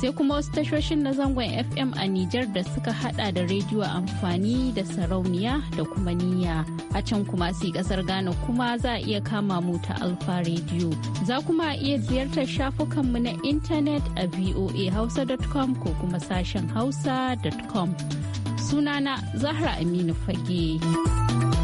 sai kuma wasu tashoshin na zangon FM a Nijar da suka hada da rediyo amfani da sarauniya da kuma niyya. A can kuma sai kasar Ghana kuma za a iya kama mu ta Alfa Radio. Za kuma iya ziyartar shafukanmu na intanet a voahausa.com ko kuma sashen hausa.com. Sunana Zahra Aminu Fage.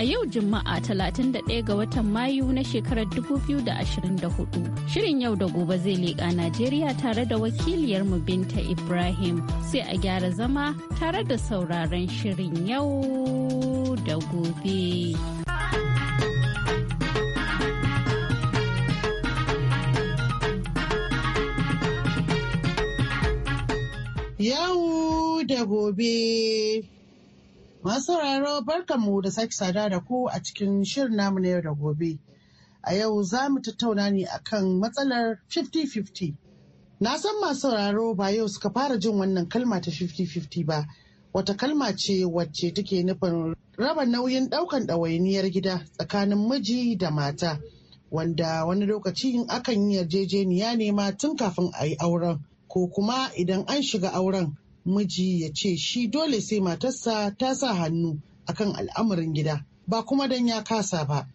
a yau Juma'a 31 ga watan Mayu na shekarar 2024. Shirin yau da gobe zai leƙa Najeriya tare da wakiliyarmu Binta Ibrahim sai a gyara zama tare da sauraron shirin yau da gobe. Yau da gobe. Masu sauraro barkanmu da sake sada da ku a cikin shirin namu na yau da gobe. A yau za mu tattauna ne a kan matsalar 50-50. Na san masu raro ba yau suka fara jin wannan kalma ta 50-50 ba. Wata kalma ce wacce take nufin raba nauyin ɗaukan ɗawainiyar gida tsakanin miji da mata. Wanda wani lokaci akan yi yarjejeniya ne ma tun kafin a yi auren ko kuma idan an shiga auren miji ya ce shi dole sai matarsa ta sa hannu akan al'amarin gida ba kuma dan ya kasa ba.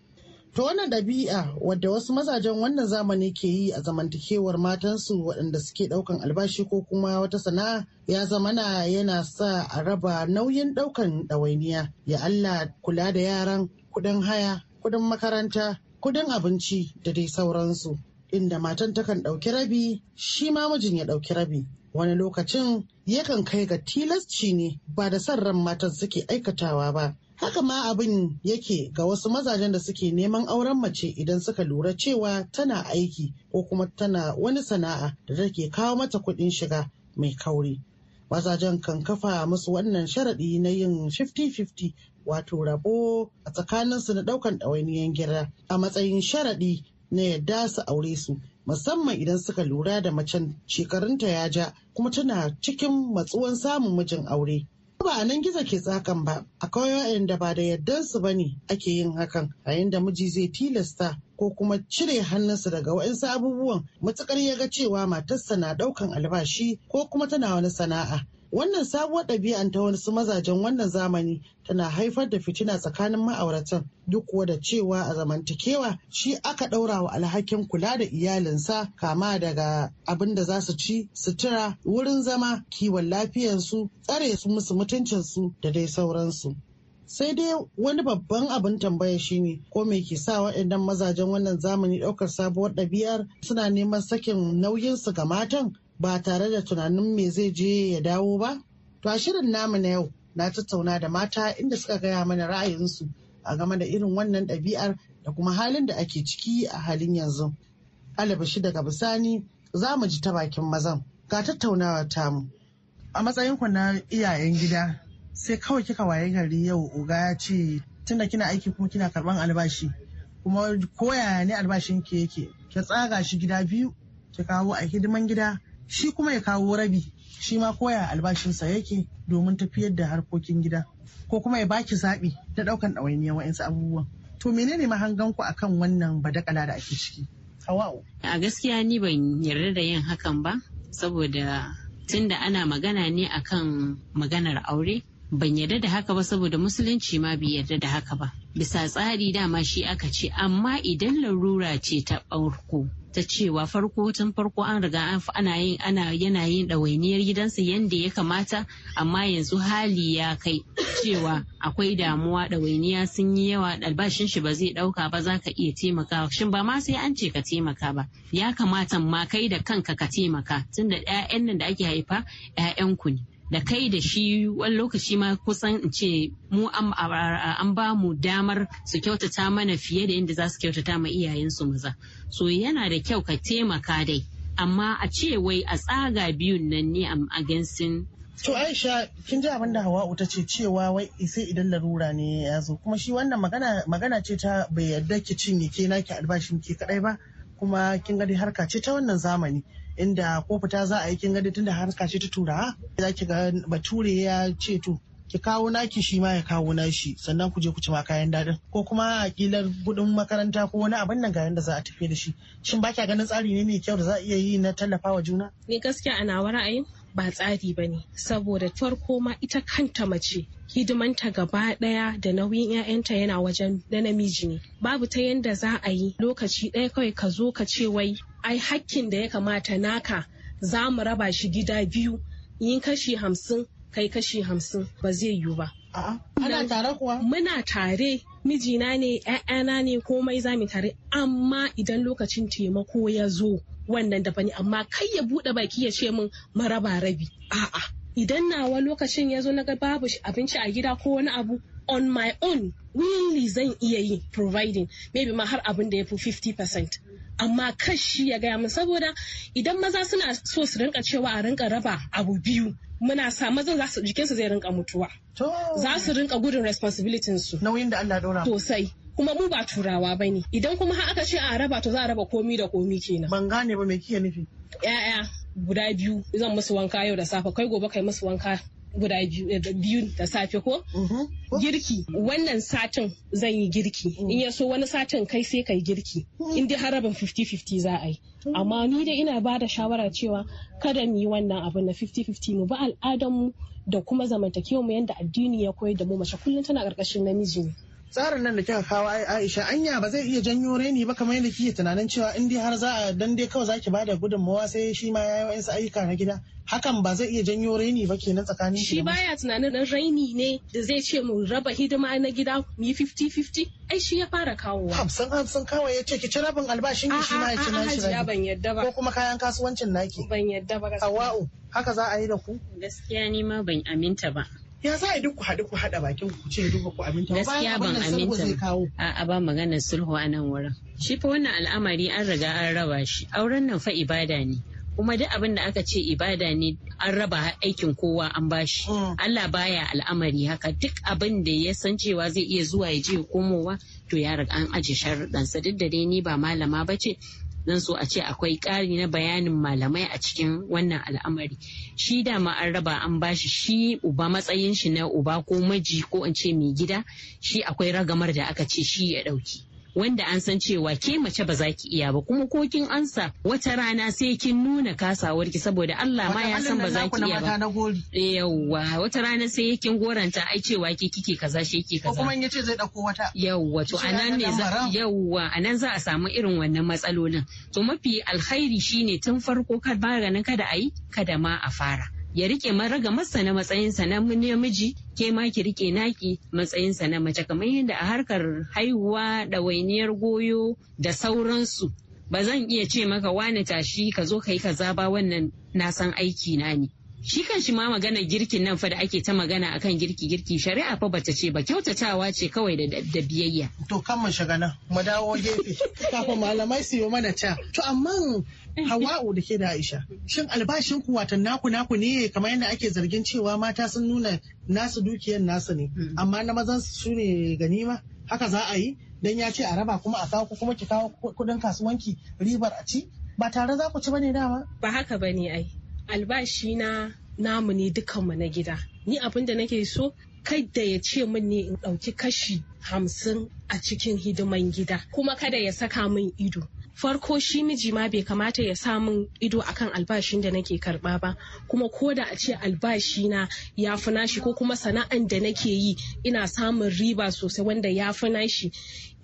To wannan ɗabi'a wadda wasu mazajen wannan zamani ke yi a zamantakewar matansu waɗanda suke ɗaukan albashi ko kuma wata sana'a ya zamana yana sa a raba nauyin ɗaukan ɗawainiya ya Allah kula da yaran kuɗin haya kuɗin makaranta kuɗin abinci da dai sauransu inda matan takan ɗauki rabi shi ma mijin ya ɗauki rabi wani lokacin yakan kai ga tilasci ne ba da son ran matan suke aikatawa ba haka ma abin yake ga wasu mazajen da suke neman auren mace idan suka lura cewa tana aiki ko kuma tana wani sana'a da take kawo mata kuɗin shiga mai kauri mazajen kan kafa musu wannan sharaɗi na yin 50-50 wato rabo a tsakaninsu na ɗaukan ɗawainiyan gira a matsayin sharaɗi na yadda su aure su musamman idan suka lura da macen shekarunta ya ja kuma tana cikin matsuwan samun mijin aure. Ba a nan gizo ke tsakan ba, a kawai da ba da yardansu ba ne ake yin hakan yayin da miji zai tilasta ko kuma cire hannunsa daga waɗansu abubuwan matukar ya ga cewa matarsa na ɗaukan albashi ko kuma tana wani sana'a Wannan sabuwar ɗabi'an ta wasu mazajen wannan zamani tana haifar da fitina tsakanin ma'auratan duk kuwa da cewa a zamantakewa shi aka ɗaura wa alhakin kula da iyalinsa kama daga abin da za su ci, sutura, wurin zama, kiwon lafiyarsu, tsare su musu mutuncinsu da dai sauransu. sai dai wani babban abin tambaya shine ko me ke sa waɗannan mazajen wannan zamani ɗaukar sabuwar ɗabi'ar suna neman sakin nauyinsu ga matan ba tare da tunanin me zai je ya dawo ba? To a shirin namu na yau na tattauna da mata inda suka gaya mana ra'ayinsu a game da irin wannan ɗabi'ar da kuma halin da ake ciki a halin yanzu. Alabashi daga bisani za mu ji ta bakin mazan ga tattaunawa ta mu. A matsayin na iyayen gida sai kawai kika waye gari yau oga ya ce tunda kina aiki kuma kina karban albashi kuma koyaya ne albashin ki yake ki tsaga shi gida biyu ki kawo a hidiman gida shi kuma ya kawo rabi shi ma koya albashinsa yake domin tafiyar da harkokin gida ko kuma ya baki zaɓi na ɗaukan ɗawainiya wa'insu abubuwan to menene mahanganku akan wannan badakala da ake ciki hawa'u a gaskiya ni ban yarda da yin hakan ba saboda tunda ana magana ne akan maganar aure ban yarda da haka ba saboda musulunci ma bai yarda da haka ba bisa tsari dama shi aka ce amma idan larura ce ta farko ta cewa farko tun farko an riga ana yin ana yana yin ɗawainiyar gidansa yadda ya kamata amma yanzu hali ya kai cewa akwai damuwa ɗawainiya sun yi yawa albashin shi ba zai ɗauka ba za ka iya taimaka shin ba ma sai an ce ka taimaka ba ya kamata ma kai da kanka ka taimaka tunda 'ya'yan nan da ake haifa 'ya'yan ku ne da kai da shi wani lokaci ma kusan in ce mu an ba mu damar su kyautata mana fiye da yadda za su kyautata ma iyayensu maza so yana da kyau ka taimaka dai amma a ce wai a tsaga biyun nan ne a gansin To Aisha kin ji abin da Hawa'u ta ce cewa wai sai idan larura ne ya zo kuma shi wannan magana ce ta bai yarda ki cinye ke naki albashin ki kadai ba kuma kin ga dai harka ce ta wannan zamani inda ko fita za a yi kin gani tunda harka ce ta tura. za ki ga bature ya ce to ki kawo naki shi ma ya kawo nashi sannan ku je ku ci ma kayan dadin. ko kuma a kilar gudun makaranta ko wani abin nan ga yanda za a tafi da shi shin ba kya ganin tsari ne ne kyau da za a iya yi na tallafa wa juna ni gaskiya ana ra'ayin ba tsari bane saboda farko ma ita kanta mace hidimanta gaba ɗaya da nauyin 'ya'yanta yana wajen na namiji ne babu ta yanda za a yi lokaci ɗaya kawai ka zo ka ce wai ai hakkin da ya kamata naka za mu raba shi gida biyu yin kashi hamsin kai kashi hamsin ba zai yiwu ba ana tare kuwa muna tare mijina ne 'ya'yana ne komai za mu tare amma idan lokacin taimako ya zo wannan da bani amma kai ya buɗe baki ya ce min maraba rabi a'a idan nawa lokacin ya zo na ga babu abinci a gida ko wani abu on my own willingly zan iya yi providing maybe ma har abin da ya fi 50% amma kashi ya gaya mun saboda idan maza suna so su rinka cewa a rinka raba abu biyu muna sa maza za su jikinsu zai rinka mutuwa za su rinka gudun responsibilitin su nauyin da Allah daura sosai kuma mu ba turawa bane idan kuma har aka ce a raba to za a raba komi da komi kenan ban gane ba me kike nufi ya'ya guda biyu zan musu wanka yau da safe kai gobe kai musu wanka guda biyu eh, da safe mm-hmm. ko girki wannan satin zan yi girki mm. in ya so wani satin kai sai kai girki mm. in dai harabin 50-50 za a yi amma ni dai ina ba da shawara cewa kada mu yi wannan abin na 50-50 mu ba al'adarmu da kuma zamantakewa mu yadda addini ya koyar da mu mace kullum tana karkashin namiji ne tsarin nan da kika kawo Aisha anya ba zai iya janyo reni ba kamar yadda kike tunanin cewa in dai har za a dan dai kawai zaki bada gudunmawa sai shi ma yayi wa'ansu ayyuka na gida hakan ba zai iya janyo reni ba kenan tsakanin shi baya tunanin dan raini ne da zai ce mu raba hidima na gida mu yi 50-50 ai shi ya fara kawowa hamsin hamsin kawai ya ce ki ci rabin albashin ki shi ma ya ci yadda ba ko kuma kayan kasuwancin naki ban yadda ba haka za a yi da ku gaskiya ni ma ban aminta ba ya za a duk ku haɗu ku haɗa bakin ku ce duka ku aminta gaskiya ban aminta a ba maganar sulhu a nan wurin shi fa wannan al'amari an riga an raba shi auren nan fa ibada ne kuma duk abin da aka ce ibada ne an raba aikin kowa an bashi hmm. Allah baya al'amari haka duk abin da ya san cewa zai iya zuwa ya je komowa to ya riga an aje sharuɗansa duk da dai ni ba malama ba ce zan so a ce akwai ƙari na bayanin malamai a cikin wannan al'amari shi dama an raba an bashi shi uba matsayin shi na uba ko maji ko in ce mai gida shi akwai ragamar da aka ce shi ya ɗauki wanda an san cewa ke mace ba za ki iya ba kuma ko kin ansa wata rana sai kin nuna kasawar ki saboda Allah ma ya san ba za ki iya ba yawwa wata rana sai kin goranta ai cewa ke kike kaza shi ke kaza kuma in yace zai dauko wata yawwa to anan ne za yawwa anan za a samu irin wannan matsalolin to mafi alkhairi shine tun farko kar maganin kada ayi kada ma a fara ya rike maraga masa na matsayinsa na namiji ke ma ki rike naki matsayinsa na mace kamar yadda a harkar haihuwa ɗawainiyar goyo da sauransu ba zan iya ce maka wani tashi ka zo ka yi ka zaba wannan na san aiki na ne shi kan shi ma magana girkin nan fa da ake ta magana akan girki girki shari'a fa bata ce ba kyautatawa ce kawai da da biyayya to kan mu shiga nan mu dawo gefe kafin malamai su yi mana ta to amma Hawa'u da ke da Aisha shin albashin ku watan naku naku ne kamar yadda ake zargin cewa mata sun nuna nasu dukiyar nasu ne mm. amma na mazan su ne ganima haka za a yi dan ya ce a raba kuma a kawo kuma ki kawo kudin kasuwanki ribar a ci ba tare za ku ci bane dama ba haka bane ai albashi na namu ne dukanmu na gida ni abin da nake so kai da ya ce min ne in ɗauki kashi hamsin a cikin hidiman gida kuma kada ya saka min ido farko shi miji ma bai kamata ya sa min ido akan albashin da nake karba ba kuma ko da a ce albashi na ya fi nashi ko kuma sana'an da nake yi ina samun riba sosai wanda ya fi nashi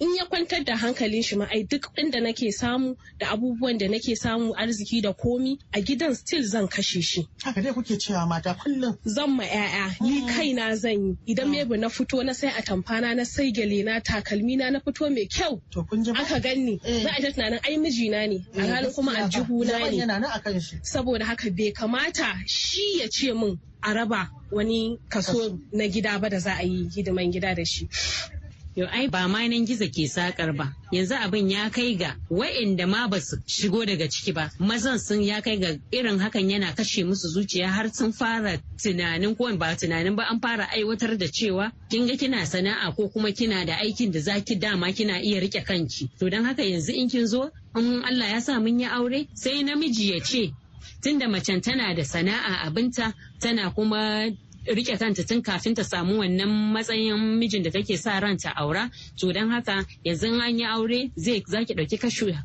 in ya kwantar da hankalin shi ma duk inda nake samu da abubuwan da nake samu arziki da komi a gidan still zan kashe shi haka dai kuke cewa mata kullum zan ma yaya ni mm. kaina zan yi idan mebu mm. na fito na sai atamfana na sai gyale na takalmi na na fito mai kyau aka ganni eh. za a ji tunanin ai mijina ne eh, a halin kuma jihu na ne saboda haka bai kamata shi ya ce min a raba wani kaso na gida ba da za a yi hidiman gida da shi Yau ai ba ma nan gizo ke sakar ba. Yanzu abin ya kai ga wa'inda ma ba su shigo daga ciki ba. Mazan sun ya kai ga irin hakan yana kashe musu zuciya har sun fara tunanin ko ba tunanin ba an fara aiwatar da cewa kin ga kina sana'a ko kuma kina da aikin da zaki dama kina iya rike kanki. To don haka yanzu in kin zo in Allah ya sa mun yi aure sai namiji ya ce tunda macen tana da sana'a abinta tana kuma rike kanta tun kafin ta samu wannan matsayin mijin da take sa ranta aura to don haka yanzu an yi aure zai zaki dauki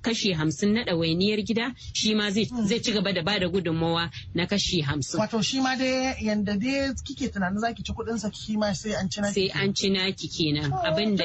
kashi hamsin na ɗawainiyar gida shi ma zai hmm. ci gaba da bada gudunmawa na kashi hamsin. wato shi ma dai yanda dai kike tunanin zaki ci kuɗin sa shi ma sai an cina sai an cina ki kenan oh, abin da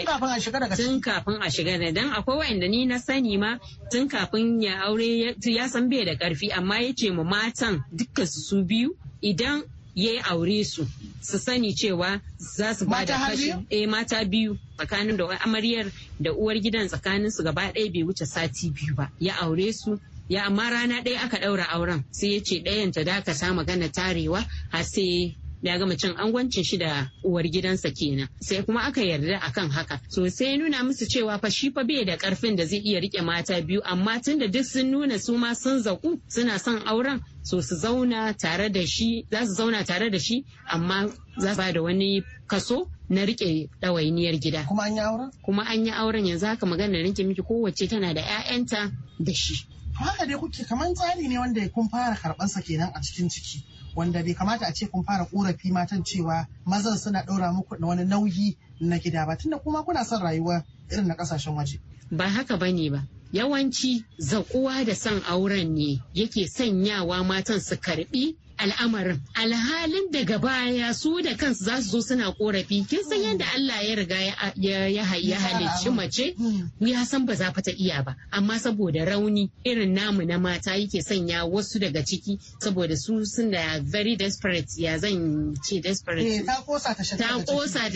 tun kafin a shiga da dan akwai wa'anda ni na sani ma tun kafin ya aure ya san bai da karfi amma yace mu matan dukkan su su biyu idan ya aure su su sani cewa za su ba da kashi eh, mata biyu tsakanin da amaryar da uwar gidan tsakanin su gaba ɗaya bai wuce sati biyu ba ya aure su ya amma rana ɗaya aka ɗaura auren sai ya ce ɗayan ta dakata magana tarewa har sai da ya gama cin angwancin shi da uwar gidansa kenan sai kuma aka yarda akan haka so sai nuna musu cewa fa shi fa bai da karfin da zai iya rike mata biyu amma tun da duk sun nuna su ma sun zaku suna son auren so su zauna tare da shi za su zauna tare da shi amma za su da wani kaso na rike ɗawainiyar gida. Kuma an yi auren? Kuma an yi auren yanzu haka magana da miki kowace tana da 'ya'yanta da shi. haka dai kuke kamar tsari ne wanda kun fara karɓarsa kenan a cikin ciki wanda bai kamata a ce kun fara korafi matan cewa mazan suna ɗaura muku da wani nauyi na gida ba tunda kuma kuna son rayuwa irin na ƙasashen waje. Ba haka ba ne ba. Yawanci zaƙuwa da son auren ne yake sanyawa matan su karɓi al'amarin alhalin daga baya su da kansu za su zo suna korafi kin san yadda Allah ya riga ya halicci mace ya san ba za fa ta iya ba amma saboda rauni irin namu na mata yake sanya wasu daga ciki saboda su sun da very desperate ya zan ce desperate eh, ta kosa ta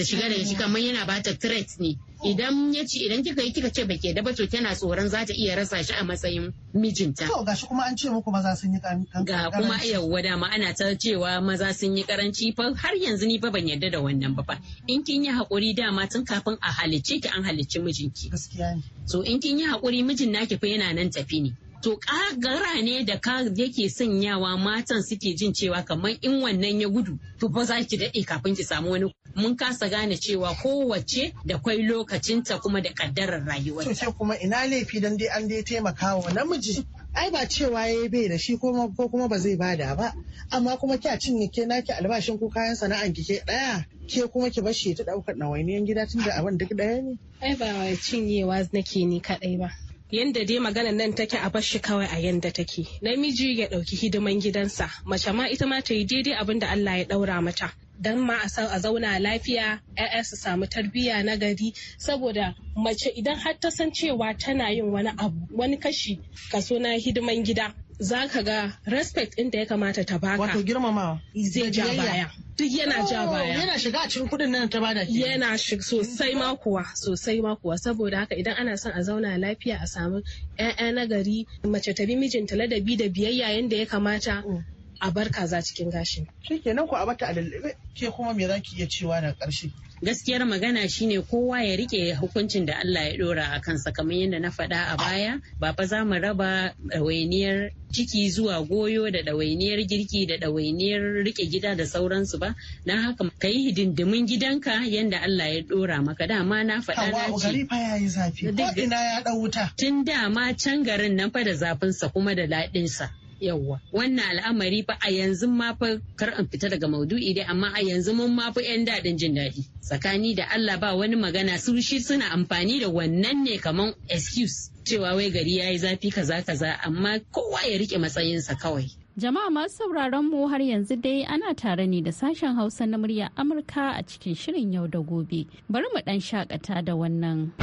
shiga daga shi kamar yana bata threat ne idan ya ce idan kika yi kika ce ba ke da to tana tsoron za ta iya rasa shi a matsayin mijinta. To gashi kuma an ce muku maza sun yi karanci. Ga kuma yawwa dama ana ta cewa maza sun yi karanci fa har yanzu ni fa ban yarda da wannan ba fa. In kin yi hakuri dama tun kafin a halicce ki an halicci mijinki. Gaskiya ne. So in kin yi hakuri mijin naki fa yana nan tafi ne. to ƙagara ne da ka yake sanyawa matan suke jin cewa kamar in wannan ya gudu to ba za ki daɗe kafin ki samu wani mun kasa gane cewa kowace da kwai lokacinta kuma da kaddarar rayuwar sai kuma ina laifi dan dai an dai taimaka wa namiji ai ba cewa ya bai da shi ko kuma ba zai bada ba amma kuma kya cinye ke albashin ko kayan sana'an ki ke daya ke kuma ki bashi ta daukar ɗawainiyan gida tunda abin duk daya ne ai ba cinyewa nake ni kadai ba yanda dai magana nan take a bar shi kawai a yanda take namiji ya ɗauki hidiman gidansa mace ma ita ma ta yi daidai abin da Allah ya ɗaura mata dan ma a zauna lafiya ya'ya su samu tarbiyya na gari saboda mace idan har ta san cewa tana yin wani abu wani kashi kaso na hidiman gida za ka ga respect inda da ya kamata ta baka. Wato girmamawa. Zai ja baya. Duk yana ja oh, baya. Yana shiga a cikin kuɗin nan ta bada ke. Yana shiga sosai ma kuwa sosai ma kuwa saboda haka idan ana son a zauna lafiya a samu ƴaƴa na gari mace ta bi mijinta ladabi da biyayya yanda ya kamata. Mm. A bar kaza cikin gashin. Shi kenan ku a bata a lallabe ke kuma me za ki iya cewa na ƙarshe? gaskiyar magana shine kowa ya rike hukuncin da Allah ya dora a kansa kamar yadda na faɗa a baya ba fa za mu raba ɗawainiyar ciki zuwa goyo da ɗawainiyar girki da ɗawainiyar rike gida da sauransu ba na haka ka yi hidindimin gidanka yadda Allah ya dora maka dama na faɗa na ce ya tun dama can garin nan fa da zafinsa kuma da daɗinsa yawwa wannan al'amari fa a yanzu ma fa kar in fita daga maudu'i dai amma a yanzu mun ma fa yan dadin jin daɗi tsakani da Allah ba wani magana su shi suna amfani da wannan ne kaman excuse cewa wai gari yayi zafi kaza kaza amma kowa ya rike matsayinsa kawai Jama'a masu sauraron mu har yanzu dai ana tare ne da sashen Hausa na murya Amurka a cikin shirin yau da gobe. Bari mu dan shakata da wannan.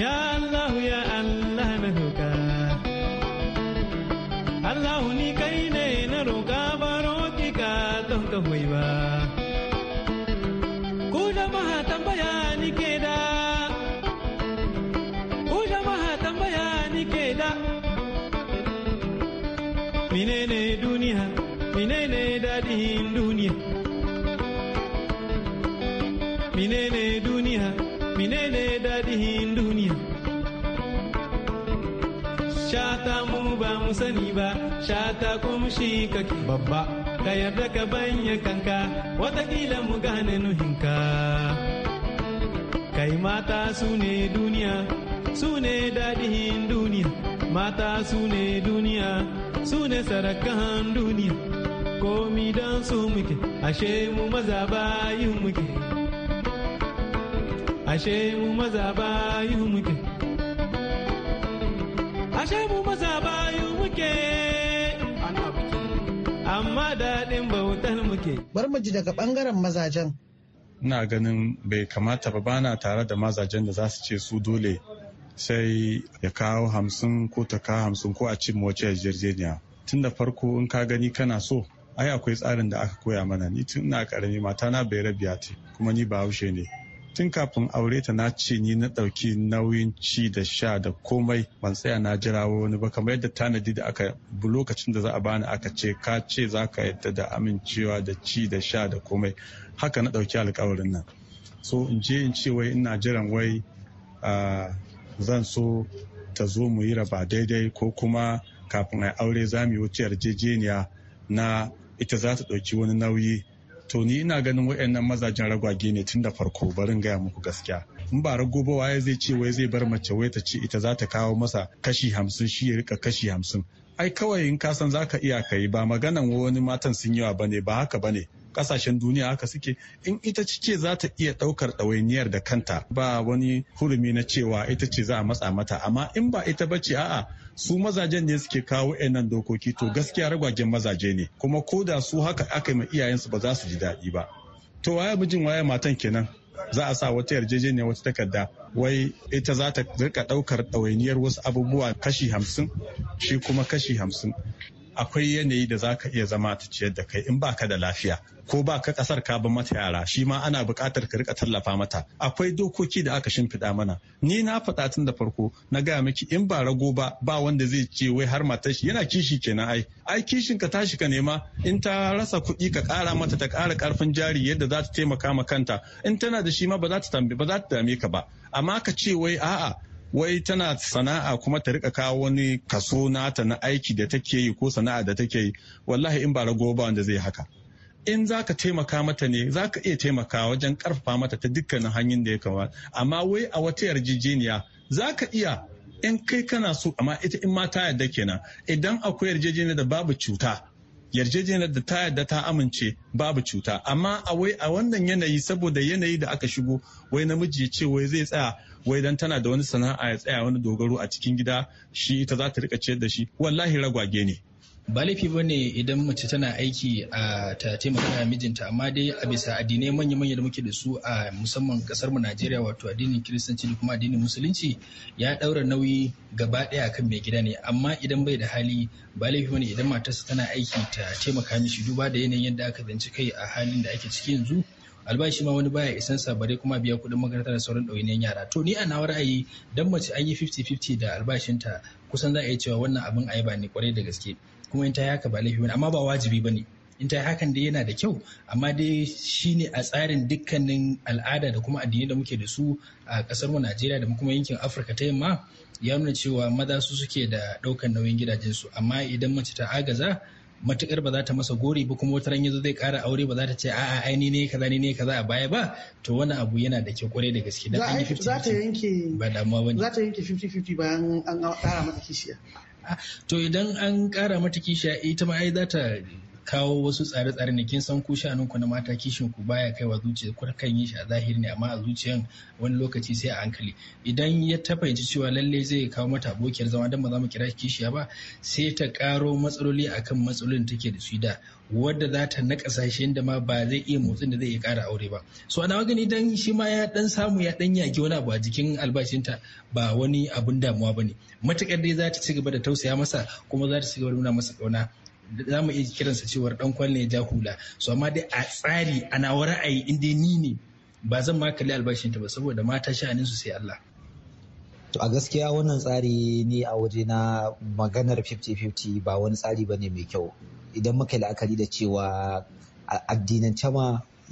Ya Allah ya Allah Allah ni kai ne na roƙa baro ki ka don ka ba. Ku jama'a tambaya ni ke da, ku jama'a tambaya ni ke da. Menene duniya, Minene dadihin duniya. Menene duniya, Minene dadihin duniya. Shata mu ba mu sani ba. shata kuma shi kake babba ka yarda ka banye kanka watakila mu gane nuhinka kai mata su ne duniya su ne dadihin duniya mata su ne duniya su ne sarakan duniya komi don su muke ashe mu maza yi muke ashe mu maza yi muke ashe mu maza yi muke amma daɗin bautar muke. Bar mu ji daga ɓangaren mazajen. Ina ganin bai kamata ba bana tare da mazajen da za su ce su dole sai ya kawo hamsin ko ta kawo hamsin ko a cin wace yarjejeniya. Tun da farko in ka gani kana so, ai akwai tsarin da aka koya mana ni tun ina mata na bai rabiya ce kuma ni ba haushe ne. tun kafin aure ta na ce ni na ɗauki nauyin ci da sha da komai ban tsaya na jira wani ba kamar yadda tanadi da aka bu lokacin da za a bani aka ce ka ce za ka yadda da amincewa da ci da sha da komai haka na ɗauki alkawarin nan so in je in ce wai ina jiran wai zan so ta zo mu yi raba daidai ko kuma kafin a aure za mu yi wuce yarjejeniya na ita za ta ɗauki wani nauyi to ni ina ganin wayannan mazajen ragwage ne tun da farko barin gaya muku gaskiya in ba rago waye zai ce wai zai bar mace wai ta ce ita za ta kawo masa kashi hamsin shi ya rika kashi hamsin ai kawai in kasan za ka iya kai ba maganan wani matan sun yawa bane ba haka bane kasashen duniya haka suke in ita ce za ta iya daukar ɗawainiyar da kanta ba wani hurumi na cewa ita ce za a matsa mata amma in ba ita bace a'a su mazajen ne suke kawo nan dokoki to gaskiya ragwagen mazaje ne kuma ko da su haka aka yi ma iyayensu ba za su ji daɗi ba to waye mijin waye matan kenan za a sa wata yarjejeniya wata takarda wai ita za ta rika ɗaukar ɗawainiyar wasu abubuwa kashi hamsin shi kuma kashi hamsin akwai yanayi da za ka iya zama ta ciyar da kai in ba ka da lafiya ko ba ka kasar ka ba mata yara shi ma ana buƙatar ka rika tallafa mata akwai dokoki da aka shimfiɗa mana ni na faɗa tun da farko na gaya miki in ba rago ba ba wanda zai ce wai har matar shi yana kishi kenan ai ai kishin ka tashi ka nema in ta rasa kuɗi ka ƙara mata ta ƙara ƙarfin jari yadda za ta taimaka ma kanta in tana da shi ma ba za ta ba za ta dame ka ba amma ka ce wai a'a wai tana sana'a kuma ta rika kawo wani kaso nata na aiki da take yi ko sana'a da take yi wallahi in ba rago ba wanda zai haka in za ka taimaka mata ne za ka iya taimaka wajen karfafa mata ta dukkanin hanyar da ya kamata amma wai a wata yarjejeniya za ka iya in kai kana so amma ita in ma ta yarda kenan idan akwai yarjejeniya da babu cuta yarjejeniyar da ta yarda ta amince babu cuta amma a wai a wannan yanayi saboda yanayi da aka shigo wai namiji ya ce wai zai tsaya wai dan tana da wani sana'a ya tsaya wani dogaro a cikin gida shi ita za ta rika ciyar da shi wallahi ragwage ne ba laifi ba ne idan mace tana aiki a ta taimaka mijinta amma dai a bisa addinai manya-manya da muke da su a musamman kasar mu Najeriya wato addinin Kiristanci da kuma addinin Musulunci ya ɗaura nauyi gaba daya kan mai gida ne amma idan bai da hali ba laifi ba ne idan matarsa tana aiki ta taimaka mishi duba da yanayin yadda aka zance kai a halin da ake ciki yanzu albashi ma wani baya isan sa bare kuma biya kuɗin makaranta da sauran ɗawainiyar yara to ni a nawa ra'ayi dan mace an yi 50-50 da albashinta kusan za a iya cewa wannan abin ba ne kwarai da gaske kuma in ta haka ba laifi bane amma ba wajibi ba ne in ta hakan dai yana da kyau amma dai shine a tsarin dukkanin al'ada da kuma addinai da muke da su a kasar mu Najeriya da kuma yankin Afirka ta yamma ya nuna cewa maza su suke da ɗaukan nauyin gidajensu amma idan mace ta agaza matukar ba za ta masa gori ba kuma wataran yanzu zai kara aure ba za ta ce a'a ai ni ne kaza ni ne kaza a baya ba to wani abu yana da kyau kwarai da gaske da an yi 50 za ta yanke ba damuwa bane za ta yanke 50 50 bayan an kara mata kishiya to idan an kara mata kishiya ita ma ai za ta kawo wasu tsare-tsare ne kin san ku shanun ku na mata kishin ku baya kaiwa zuciya ku kan yi shi a zahiri ne amma a zuciyan wani lokaci sai a hankali idan ya tafaici cewa lalle zai kawo mata abokiyar zama dan ba za mu kira shi kishiya ba sai ta karo matsaloli akan matsalolin take da su da wadda za ta nakasa shi ma ba zai iya motsin da zai iya kara aure ba so ana gani dan shi ma ya dan samu ya dan yaki wani abu a jikin albashinta ba wani abun damuwa bane matakar dai za ta ci gaba da tausaya masa kuma za ta ci gaba da nuna masa kauna za mu iya kiransa cewar dan kwalle ja hula so amma dai a tsari ana wa ra'ayi in dai ni ne ba zan ma kalli albashin ta ba saboda mata sha'anin su sai Allah to a gaskiya wannan tsari ne a waje na maganar 50-50 ba wani tsari ba ne mai kyau idan muka la'akari da cewa addinan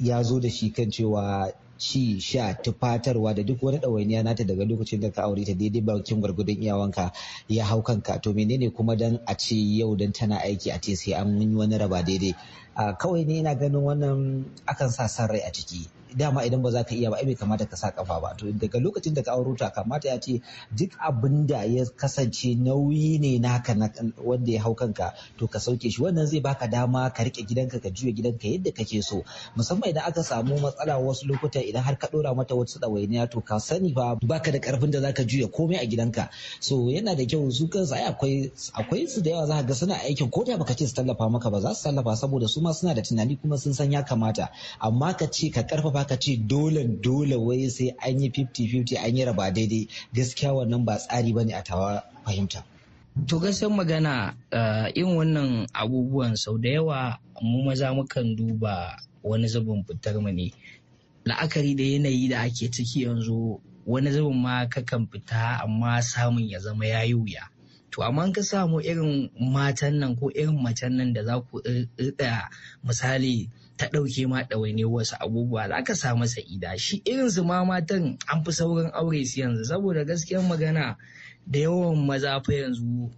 ya zo da shi kan cewa ci sha tufatarwa da duk wani ɗawainiya nata daga lokacin da ka aure ta daidai bakin gwargwadon iyawanka ya hau kanka to menene kuma dan a ce yau dan tana aiki a ce sai an yi wani raba daidai ah, kawai ne ina ganin wannan akan sa san rai a ciki dama idan ba za ka iya ba ai bai kamata ka sa kafa ba to daga lokacin da ka auro ta kamata ya ce duk abin da ya kasance nauyi ne naka wanda ya hau kanka to ka sauke shi wannan zai baka dama ka rike gidanka ka juya gidanka yadda kake so musamman idan aka samu matsala wasu lokuta idan har ka dora mata wasu dawainiya to ka sani ba baka da karfin da zaka juya komai a gidanka so yana da kyau su kansu ai akwai akwai su da yawa za ka ga suna aikin ko da baka ce su tallafa maka ba za su tallafa saboda su ma suna da tunani kuma sun san ya kamata amma ka ce ka karfafa fa ka ce dole dole wai sai an yi 50-50 an yi raba daidai gaskiya wannan ba tsari ba ne a tawa fahimta to gasar magana eh, in wannan abubuwan sau da yawa mu maza mukan duba wani zubin fitar mu ne la'akari da yanayi da ake ciki yanzu wani zubin ma kakan fita amma samun ya zama ya yi wuya to amma ka samu irin matan nan ko irin macen nan da za ku eh, eh, tsaya misali ta ɗauke ma ɗawaine wasu abubuwa za ka samu sa'ida shi irin su ma matan an fi saurin aure su yanzu saboda gaskiyar magana da yawan maza fa yanzu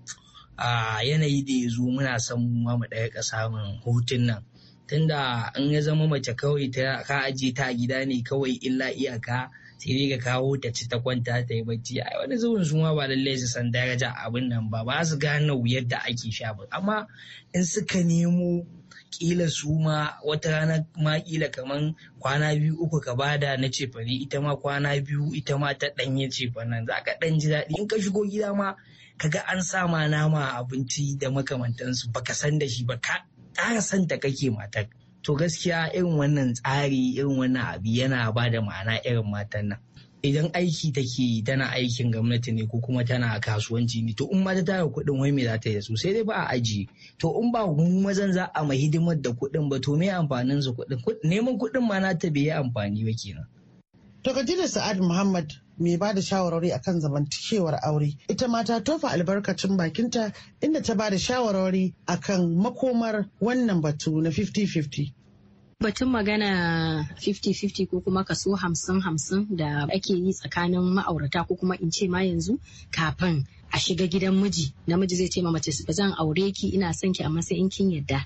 a yanayi da ya zo muna son mu ma mu ɗaya ƙasa min hutun nan tunda in ya zama mace kawai ta ka aje ta a gida ne kawai illa iyaka sai dai ka kawo ta ci ta kwanta ta yi bacci a wani zubin su ma ba lallai su san daraja abin nan ba ba su gane wuyar da ake sha ba amma in suka nemo kila su ma wata rana ma kila kaman kwana biyu uku ka bada na cefane ita ma kwana biyu ita ma ta ɗanye cefanen za ka ɗan ji daɗi in ka shigo gida ma kaga an sa ma nama abinci da makamantansu baka san da shi ba ka ƙara santa kake matar to gaskiya irin wannan tsari irin wannan abu yana ba da ma'ana irin matan nan idan aiki take yi tana aikin gwamnati ne ko kuma tana kasuwanci ne to in ma ta tara kuɗin wai me za ta yi su sai dai ba a aji to in ba mu mazan za a ma hidimar da kuɗin ba to me amfanin su kuɗin neman kuɗin ma na ta yi amfani ba kenan. To Kadila Sa'ad Muhammad mai ba da shawarwari akan zamantakewar aure ita ma ta tofa albarkacin bakinta inda ta ba da shawarwari akan makomar wannan batu na 50-50. Batun magana 50-50 ko kuma kaso 50-50 da ake yi tsakanin ma'aurata ko kuma in ce ma yanzu kafin a shiga gidan miji namiji zai ce ma mace ba zan aure ki ina son ki amma sai in kin yadda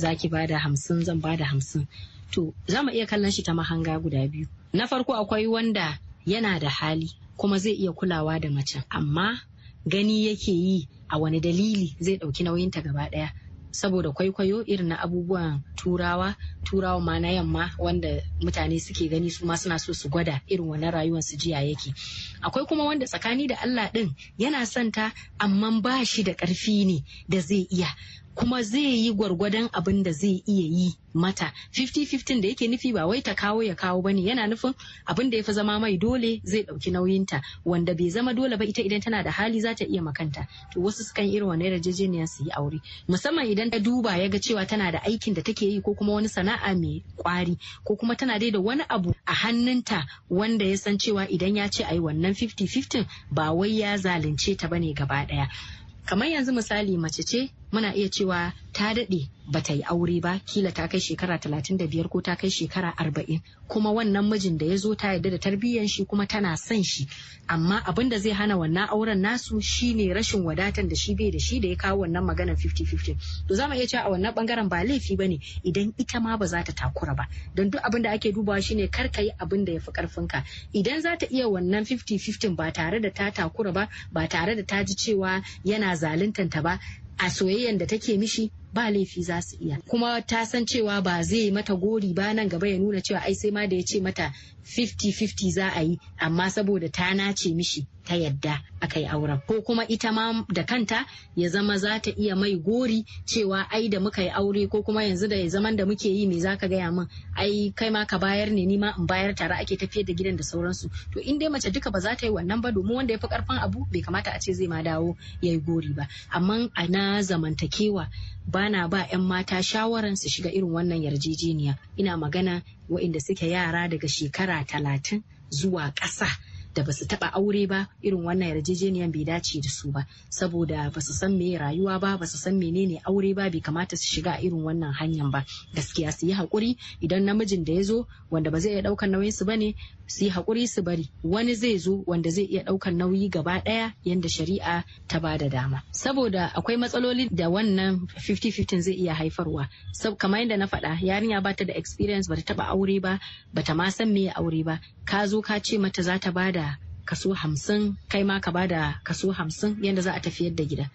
za ki da hamsin zan ba da hamsin to za mu iya kallon shi ta mahanga guda biyu na farko akwai wanda yana da hali kuma zai iya kulawa da mace amma gani yake yi a wani dalili zai ɗauki nauyinta gaba ɗaya saboda kwaikwayo irin na abubuwan turawa turawa ma na yamma wanda mutane suke gani su ma suna so su gwada irin wannan rayuwar su jiya yake akwai kuma wanda tsakani da Allah din yana santa amma ba shi da karfi ne da zai iya kuma zai yi gwargwadon abin da zai iya yi mata 50-50 da yake nufi ba wai ta kawo ya kawo bane yana nufin abin da ya fi zama mai dole zai ɗauki nauyinta wanda bai zama dole ba ita idan tana da hali za ta iya makanta to wasu sukan irin wani yarjejeniyar su yi aure musamman idan ta duba ya ga cewa tana da aikin da take yi ko kuma wani sana'a mai kwari ko kuma tana dai da wani abu a hannunta wanda ya san cewa idan ya ce a yi wannan 50-50 ba wai ya zalunce ta bane gaba ɗaya kamar yanzu misali mace ce muna iya cewa ta daɗe ba ta yi aure ba kila ta kai shekara talatin da biyar ko ta kai shekara arba'in kuma wannan mijin da ya zo ta yarda da tarbiyyan shi kuma tana son shi amma abin da zai hana wannan auren nasu shine rashin wadatan da shi bai da shi da ya kawo wannan maganar 50-50 to za mu iya cewa a wannan bangaren ba laifi ba ne idan ita ma ba za ta takura ba don duk abin da ake dubawa shine kar ka yi abin da ya fi karfinka idan za ta iya wannan 50-50 ba tare da ta takura ba ba tare da ta ji cewa yana zaluntan ta ba a soyayyan da take mishi ba laifi za su iya kuma ta san cewa ba zai mata gori ba nan gaba ya nuna cewa ai sai ma da ya ce mata 50-50 za a yi amma saboda ta nace mishi ta yadda aka yi auren ko kuma ita ma da kanta ya zama za ta iya mai gori cewa ai da muka yi aure ko kuma yanzu da zaman da muke yi me za ka gaya min ai kai ma ka bayar ne ni ma in bayar tare ake tafiyar da gidan da sauransu to in dai mace duka ba za ta yi wannan ba domin wanda ya fi karfin abu bai kamata a ce zai ma dawo ya yi gori ba amma a na zamantakewa ba na ba 'yan mata shawaran su shiga irin wannan yarjejeniya ina magana wa'inda suke yara daga shekara talatin zuwa ƙasa da ba su taba aure ba irin wannan yarjejeniyar bai dace da su ba saboda ba su san me rayuwa ba ba su san menene aure ba bai kamata su shiga irin wannan hanyar ba gaskiya su yi hakuri idan namijin da ya zo wanda ba zai iya daukan nauyin su bane su yi hakuri su bari wani zai zo wanda zai iya daukan nauyi gaba daya yanda shari'a ta ba da dama saboda akwai matsaloli da wannan 50-50 zai iya haifarwa kamar yadda na faɗa yarinya ba ta da experience ba ta taba aure ba ba ta ma san me aure ba ka zo ka ce mata za ta bada kaso hamsin kai ma ka bada kaso hamsin yadda za a tafiyar da gida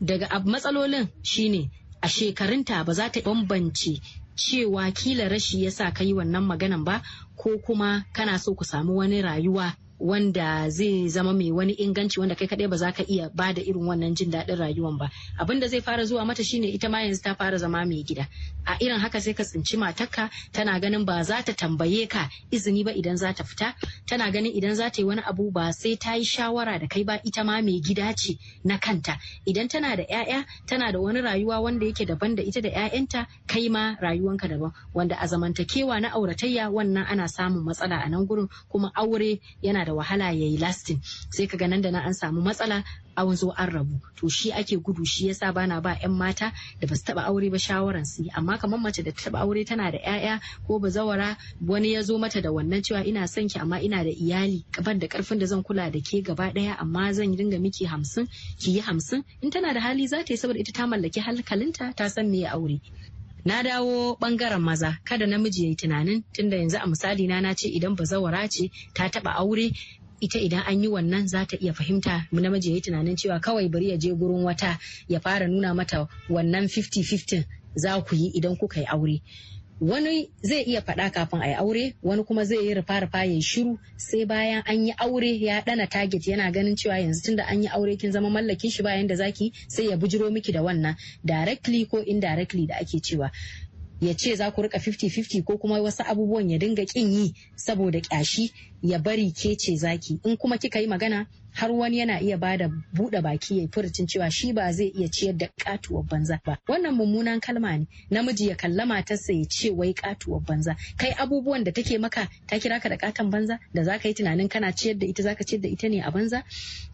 daga matsalolin shine a shekarunta ba za ta bambance cewa kila rashi ya sa ka yi wannan maganan ba ko kuma kana so ku samu wani rayuwa wanda zai zama mai wani inganci wanda kai kaɗai ba za ka iya ba da irin wannan jin daɗin rayuwan ba abin da zai fara zuwa mata shine ita ma yanzu ta fara zama mai gida a irin haka sai ka tsinci matarka tana ganin ba za ta tambaye ka izini ba idan za ta fita tana ganin idan za ta yi wani abu ba sai ta yi shawara da kai ba ita ma mai gida ce na kanta idan tana da 'ya'ya tana da wani rayuwa wanda yake daban da ita da 'ya'yanta kai ma rayuwanka daban wanda a zamantakewa na auratayya wannan ana samun matsala a nan gurin kuma aure yana da da wahala ya yi lastin sai ka ga nan da na an samu matsala an zo an rabu to shi ake gudu shi yasa bana ba 'yan mata da basu taba aure ba shawaran su amma kamar mace da ta taba aure tana da 'ya'ya ko ba zawara wani ya zo mata da wannan cewa ina son ki amma ina da iyali ban da karfin da zan kula da ke gaba daya amma zan dinga miki hamsin ki yi hamsin in tana da hali za ta yi saboda ita ta mallaki hankalinta ta san me ya aure na dawo bangaren maza kada namiji ya yi tunanin tunda yanzu a misali na ce idan ba zawara ce ta taba aure ita idan an yi wannan za ta iya fahimta namiji ya yi tunanin cewa kawai bari ya je gurin wata ya fara nuna mata wannan 50-50 za ku yi idan kuka yi aure wani zai iya faɗa kafin a yi aure wani kuma zai yi rufa rufa ya shiru sai bayan an yi aure ya ɗana target yana ganin cewa yanzu tun da an yi aure kin zama mallakin shi bayan da zaki sai ya bujiro miki da wannan directly ko indirectly da ake cewa ya ce za ku rika 50-50 ko kuma wasu abubuwan ya dinga kin yi saboda kyashi ya bari ke ce zaki in kuma kika yi magana har wani yana iya ba da buɗe baki ya furucin cewa shi ba zai iya ciyar da katuwar banza ba wannan mummunan kalma ne namiji ya kalla matarsa ya ce wai katuwar banza kai abubuwan da take maka ta kira ka da katan banza da zaka yi tunanin kana ciyar da ita zaka ciyar da ita ne a banza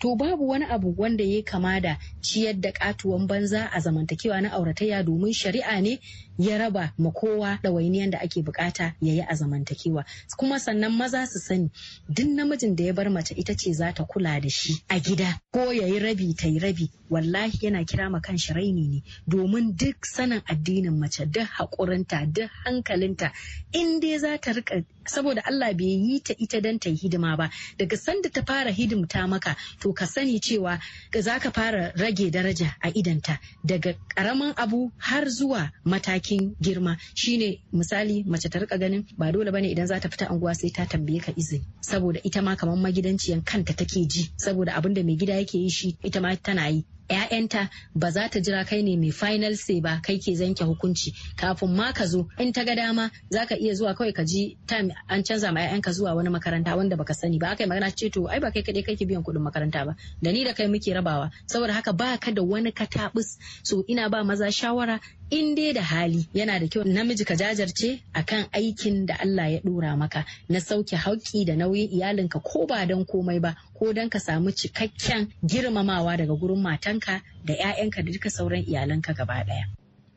to babu wani abu wanda ya kama da ciyar da katuwan banza a zamantakewa na auratayya domin shari'a ne ya raba ma kowa ɗawainiyan da ake bukata ya yi a zamantakewa kuma sannan maza su sani duk namijin da ya bar mace ita ce za ta kula da shi a gida ko ya yi rabi ta yi rabi wallahi yana kira ma kan shi raini ne domin duk sanin addinin mace duk haƙurinta duk hankalinta in dai za ta rika saboda Allah bai yi ta ita dan ta yi hidima ba daga sanda ta fara hidimta maka to ka sani cewa za ka fara rage daraja a idanta daga karamin abu har zuwa matakin girma shine misali mace ta rika ganin ba dole bane idan za ta fita anguwa sai ta tambaye ka izini saboda ita ma kamar magidanciyan kanta take ji saboda abin da mai gida yake yi shi ita ma tana yi 'ya'yanta ba za ta jira kai ne mai final say ba kai ke zanke hukunci kafin ma ka zo in ta ga dama za ka iya zuwa kawai ka ji time an canza ma 'ya'yanka zuwa wani makaranta wanda baka sani ba aka yi magana ce to ai ba kai kaɗai kake biyan kuɗin makaranta ba da ni da kai muke rabawa saboda haka ba ka da wani katabus so ina ba maza shawara in dai da hali yana da kyau namiji ka jajarce akan aikin da Allah ya dora maka na sauke hauki da nauyin iyalinka ko ba don komai ba ko don ka samu cikakken girmamawa daga gurin matanka da 'ya'yanka da duka sauran iyalanka gaba ɗaya.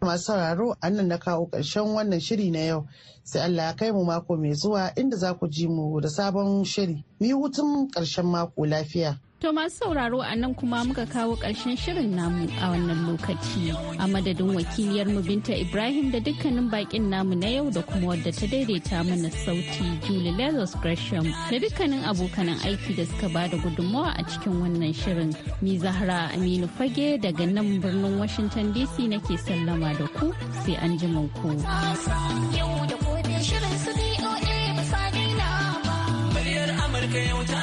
masu sauraro annan na kawo ƙarshen wannan shiri na yau sai Allah ya kai mu mako mai zuwa inda za ku ji mu da sabon shiri mu hutun ƙarshen mako lafiya To masu sauraro a nan kuma muka kawo ƙarshen shirin namu a wannan lokaci. A madadin wakiliyar Binta Ibrahim da dukkanin bakin namu na yau da kuma wadda ta daidaita mana sauti Julie Lazarus Gresham da dukkanin abokanan aiki da suka bada gudunmawa a cikin wannan shirin. Ni Zahra Aminu Fage daga nan birnin Washington DC nake sallama da ku sai an ji ku. Amurka yau ta